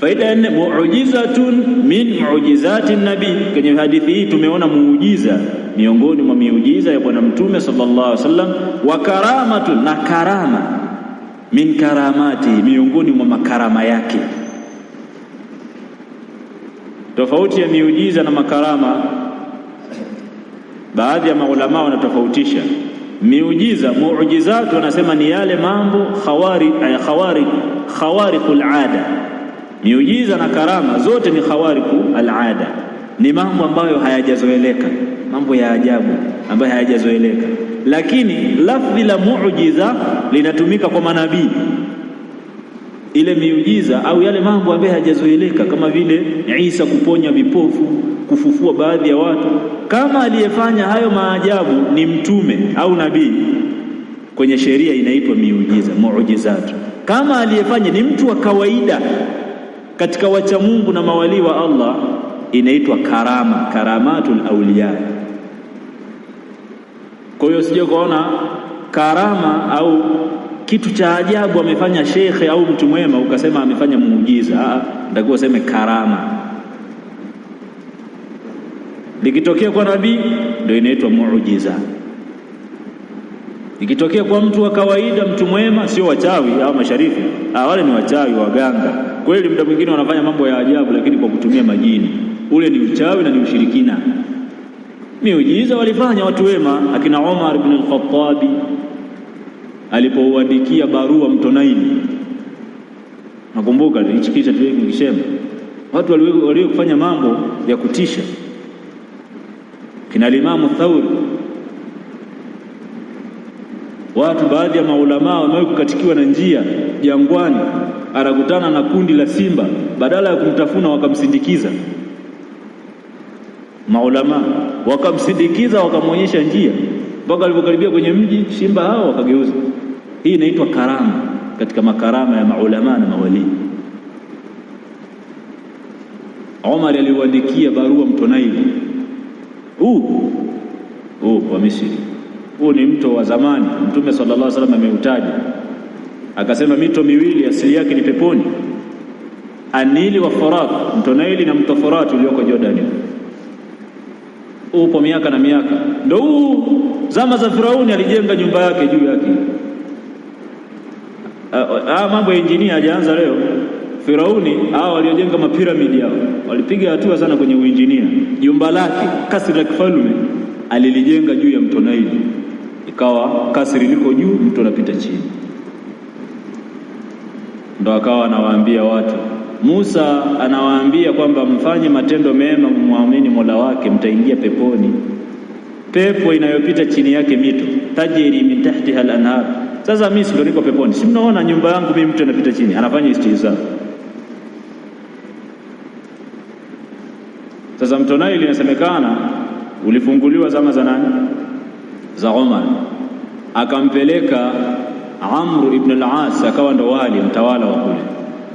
Faida ya nne, muujizatun min muujizati nabii. Kwenye hadithi hii tumeona muujiza miongoni mwa miujiza ya Bwana Mtume sallallahu alaihi wasallam, wa karamatu na karama, min karamati, miongoni mwa makarama yake. Tofauti ya miujiza na makarama, baadhi ya maulamaa wanatofautisha miujiza. Muujizatu wanasema ni yale mambo khawari, eh, khawari, khawariqul ada Miujiza na karama zote ni khawariku alada, ni mambo ambayo hayajazoeleka, mambo ya ajabu ambayo hayajazoeleka. Lakini lafdhi la muujiza linatumika kwa manabii, ile miujiza au yale mambo ambayo hayajazoeleka, kama vile Isa kuponya vipofu, kufufua baadhi ya watu. Kama aliyefanya hayo maajabu ni mtume au nabii, kwenye sheria inaitwa miujiza, muujizatu. Kama aliyefanya ni mtu wa kawaida katika wacha Mungu na mawalii wa Allah inaitwa karama, karamatul awliya. Kwa hiyo sije kuona karama au kitu cha ajabu amefanya shekhe au mtu mwema ukasema amefanya muujiza. Nitakuwa useme karama. Likitokea kwa nabii ndio inaitwa muujiza. Ikitokea kwa mtu wa kawaida, mtu mwema, sio wachawi au masharifu Ah, wale ni wachawi, waganga kweli. Muda mwingine wanafanya mambo ya ajabu, lakini kwa kutumia majini. Ule ni uchawi na ni ushirikina. Miujiza walifanya watu wema, akina Omar bin al khattab alipouandikia barua mto Naili. Nakumbuka hichi kisa tulikisema, watu waliokufanya mambo ya kutisha, kina Imamu Thauri Watu baadhi ya maulamaa wamewahi kukatikiwa na njia jangwani, anakutana na kundi la simba, badala ya kumtafuna wakamsindikiza. Maulamaa wakamsindikiza, wakamwonyesha njia mpaka alipokaribia kwenye mji, simba hao wakageuza. Hii inaitwa karama, katika makarama ya maulamaa na mawalii. Omar aliuandikia barua mto Naili huu huu wa Misri huu ni mto wa zamani, Mtume sallallahu alaihi wasallam ameutaja akasema, mito miwili asili yake ni peponi, Anili wa Furat, mto Naili na mto Furat ulioko Jordan, upo miaka na miaka. Ndio huu zama za Firauni alijenga nyumba yake juu yake. Haya ah, ah, mambo ya injinia hajaanza leo. Firauni hao waliojenga mapiramidi yao walipiga hatua sana kwenye uinjinia. Jumba lake kasri la kifalme alilijenga juu ya mto Naili ikawa kasri liko juu, mtu anapita chini. Ndo akawa anawaambia watu, Musa anawaambia kwamba mfanye matendo mema, mumwamini Mola wake, mtaingia peponi, pepo inayopita chini yake mito tajiri min tahtiha al-anhar. Sasa mimi si ndo niko peponi? Si mnaona nyumba yangu mimi, mtu anapita chini anafanya istihza. Sasa mto Naili inasemekana ulifunguliwa zama za nani? za Omar, akampeleka Amru ibn al-As akawa ndo wali mtawala wa kule.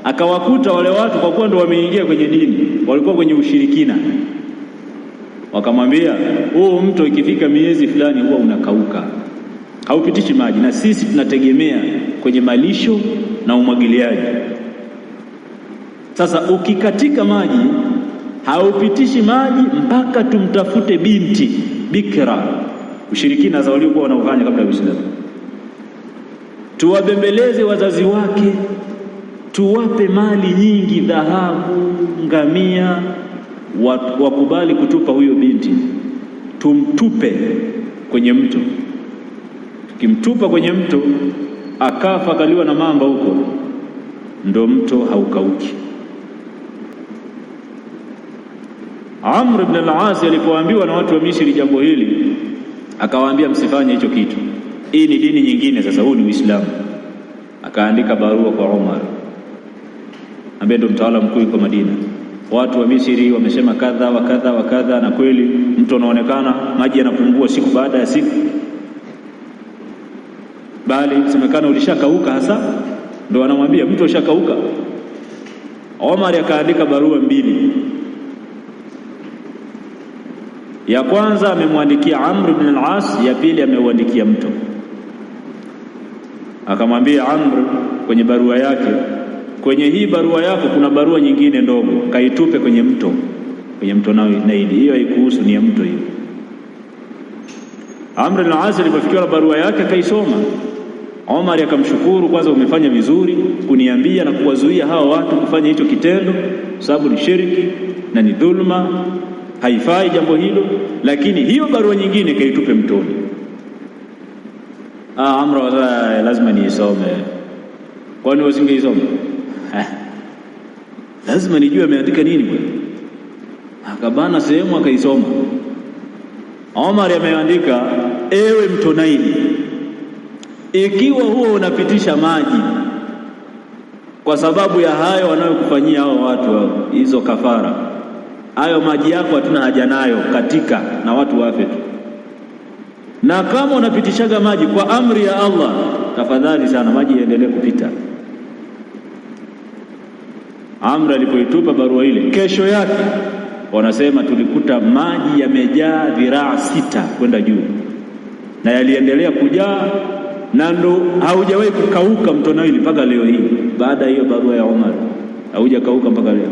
Akawakuta wale watu kwa kuwa ndo wameingia kwenye dini, walikuwa kwenye ushirikina. Wakamwambia, huu mto ikifika miezi fulani huwa unakauka, haupitishi maji, na sisi tunategemea kwenye malisho na umwagiliaji. Sasa ukikatika maji haupitishi maji mpaka tumtafute binti bikra ushirikina za waliokuwa wanaofanya kabla ya Uislamu. Tuwabembeleze wazazi wake, tuwape mali nyingi, dhahabu, ngamia, wakubali kutupa huyo binti, tumtupe kwenye mto. Tukimtupa kwenye mto akafa akaliwa na mamba huko, ndo mto haukauki. Amr ibn al-As alipoambiwa na watu wa Misri jambo hili akawaambia msifanye hicho kitu, hii ni dini nyingine, sasa huu ni Uislamu. Akaandika barua kwa Umar ambaye ndo mtawala mkuu kwa Madina, watu wa Misri wamesema kadha wa kadha wa kadha, na kweli mtu anaonekana maji yanapungua siku baada ya siku, bali semekana ulishakauka hasa, ndo anamwambia mtu ushakauka. Omar akaandika barua mbili Ya kwanza amemwandikia Amr ibn al-As, ya pili ameuandikia mtu. Akamwambia Amr kwenye barua yake, kwenye hii barua yako kuna barua nyingine ndogo, kaitupe kwenye mto, kwenye mto Naili. Hiyo haikuhusu, ni ya mto hiyo. Amr ibn al-As alipofikiwa na barua yake akaisoma. Omar akamshukuru, kwanza umefanya vizuri kuniambia na kuwazuia hawa watu kufanya hicho kitendo, sababu ni shirki na ni dhulma haifai jambo hilo, lakini hiyo barua nyingine kaitupe mtoni. Ah, amra eh, lazima niisome. Kwani usingeisoma? Eh, lazima nijue ameandika nini bwana. Akabana sehemu akaisoma. Omar ameandika, ewe Mtonaini, ikiwa huo unapitisha maji kwa sababu ya hayo wanayokufanyia hao watu hao, hizo kafara hayo maji yako hatuna haja nayo katika, na watu wafe tu. Na kama unapitishaga maji kwa amri ya Allah, tafadhali sana maji yaendelee kupita. amri alipoitupa barua ile, kesho yake wanasema tulikuta maji yamejaa dhiraa sita kwenda juu, na yaliendelea kujaa na ndo haujawahi kukauka mto Naili mpaka leo hii. Baada ya hiyo barua ya Omar haujakauka mpaka leo.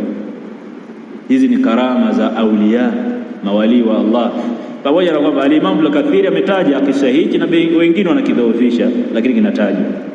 Hizi ni karama za aulia mawalii wa Allah, pamoja na kwamba alimamu Ibn ametaja kisa hiki na wengine wanakidhoofisha, lakini kinatajwa.